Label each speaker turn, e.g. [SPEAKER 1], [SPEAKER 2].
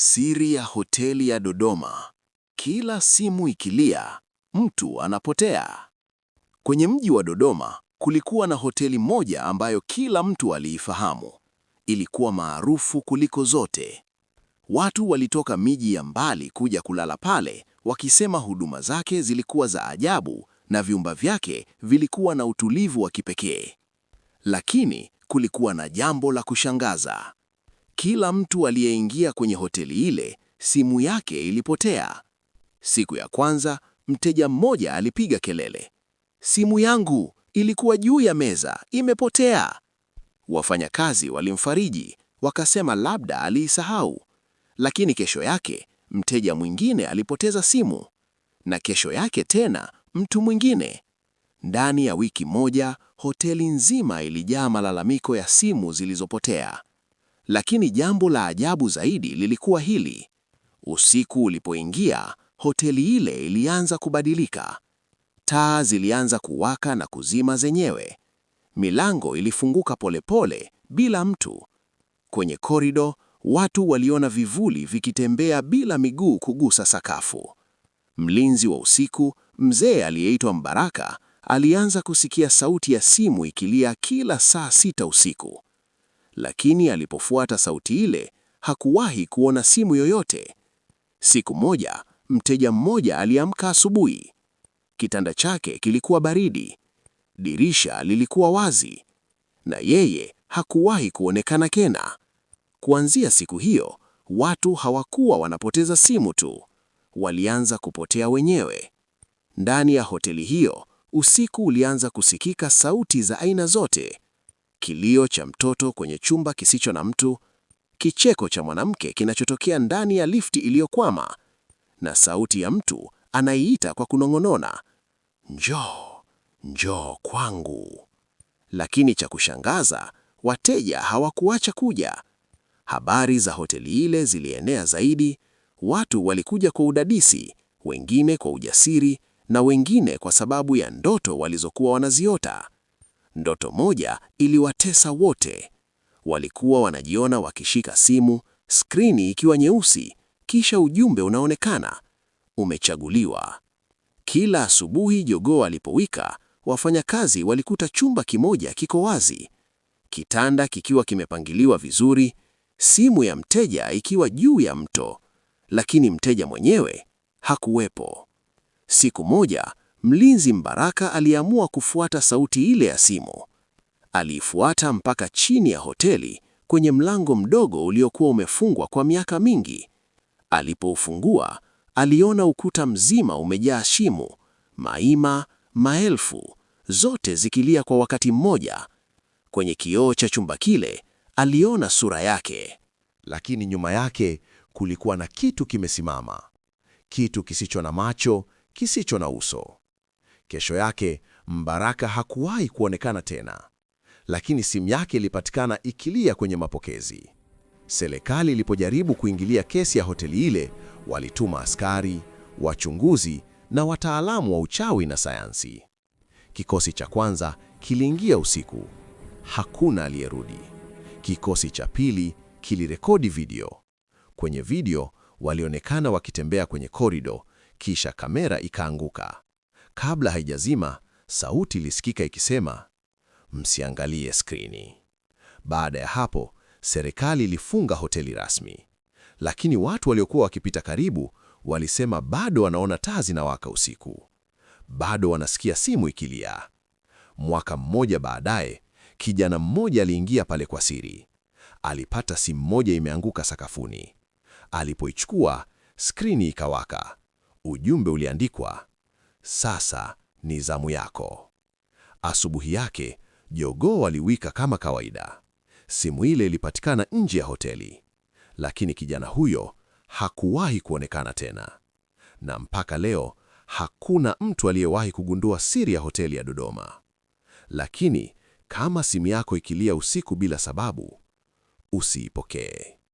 [SPEAKER 1] Siri ya hoteli ya Dodoma. Kila simu ikilia, mtu anapotea. Kwenye mji wa Dodoma kulikuwa na hoteli moja ambayo kila mtu aliifahamu. Ilikuwa maarufu kuliko zote. Watu walitoka miji ya mbali kuja kulala pale, wakisema huduma zake zilikuwa za ajabu na vyumba vyake vilikuwa na utulivu wa kipekee. Lakini kulikuwa na jambo la kushangaza. Kila mtu aliyeingia kwenye hoteli ile, simu yake ilipotea. Siku ya kwanza, mteja mmoja alipiga kelele, simu yangu ilikuwa juu ya meza, imepotea. Wafanyakazi walimfariji, wakasema labda aliisahau. Lakini kesho yake mteja mwingine alipoteza simu, na kesho yake tena mtu mwingine. Ndani ya wiki moja, hoteli nzima ilijaa malalamiko ya simu zilizopotea. Lakini jambo la ajabu zaidi lilikuwa hili. Usiku ulipoingia, hoteli ile ilianza kubadilika. Taa zilianza kuwaka na kuzima zenyewe. Milango ilifunguka polepole pole, bila mtu. Kwenye korido, watu waliona vivuli vikitembea bila miguu kugusa sakafu. Mlinzi wa usiku, mzee aliyeitwa Mbaraka, alianza kusikia sauti ya simu ikilia kila saa sita usiku lakini alipofuata sauti ile hakuwahi kuona simu yoyote. Siku moja mteja mmoja aliamka asubuhi. Kitanda chake kilikuwa baridi, dirisha lilikuwa wazi, na yeye hakuwahi kuonekana tena. Kuanzia siku hiyo, watu hawakuwa wanapoteza simu tu, walianza kupotea wenyewe. Ndani ya hoteli hiyo, usiku ulianza kusikika sauti za aina zote kilio cha mtoto kwenye chumba kisicho na mtu, kicheko cha mwanamke kinachotokea ndani ya lifti iliyokwama, na sauti ya mtu anaiita kwa kunong'onona, njoo, njoo kwangu. Lakini cha kushangaza, wateja hawakuacha kuja. Habari za hoteli ile zilienea zaidi. Watu walikuja kwa udadisi, wengine kwa ujasiri, na wengine kwa sababu ya ndoto walizokuwa wanaziota. Ndoto moja iliwatesa wote. Walikuwa wanajiona wakishika simu, skrini ikiwa nyeusi, kisha ujumbe unaonekana, umechaguliwa. Kila asubuhi jogoo alipowika, wafanyakazi walikuta chumba kimoja kiko wazi, kitanda kikiwa kimepangiliwa vizuri, simu ya mteja ikiwa juu ya mto, lakini mteja mwenyewe hakuwepo. Siku moja mlinzi Mbaraka aliamua kufuata sauti ile ya simu. Aliifuata mpaka chini ya hoteli kwenye mlango mdogo uliokuwa umefungwa kwa miaka mingi. Alipoufungua, aliona ukuta mzima umejaa shimu, maima, maelfu, zote zikilia kwa wakati mmoja. Kwenye kioo cha chumba kile, aliona sura yake,
[SPEAKER 2] lakini nyuma yake kulikuwa na kitu kimesimama, kitu kisicho na macho, kisicho na uso. Kesho yake Mbaraka hakuwahi kuonekana tena, lakini simu yake ilipatikana ikilia kwenye mapokezi. Serikali ilipojaribu kuingilia kesi ya hoteli ile, walituma askari, wachunguzi na wataalamu wa uchawi na sayansi. Kikosi cha kwanza kiliingia usiku, hakuna aliyerudi. Kikosi cha pili kilirekodi video. Kwenye video walionekana wakitembea kwenye korido, kisha kamera ikaanguka. Kabla haijazima, sauti ilisikika ikisema, msiangalie skrini. Baada ya hapo, serikali ilifunga hoteli rasmi, lakini watu waliokuwa wakipita karibu walisema bado wanaona taa zinawaka usiku, bado wanasikia simu ikilia. Mwaka mmoja baadaye, kijana mmoja aliingia pale kwa siri. Alipata simu moja imeanguka sakafuni. Alipoichukua, skrini ikawaka. Ujumbe uliandikwa, sasa ni zamu yako. Asubuhi yake jogoo aliwika kama kawaida. Simu ile ilipatikana nje ya hoteli, lakini kijana huyo hakuwahi kuonekana tena, na mpaka leo hakuna mtu aliyewahi kugundua siri ya hoteli ya Dodoma. Lakini kama simu yako ikilia usiku bila sababu, usiipokee.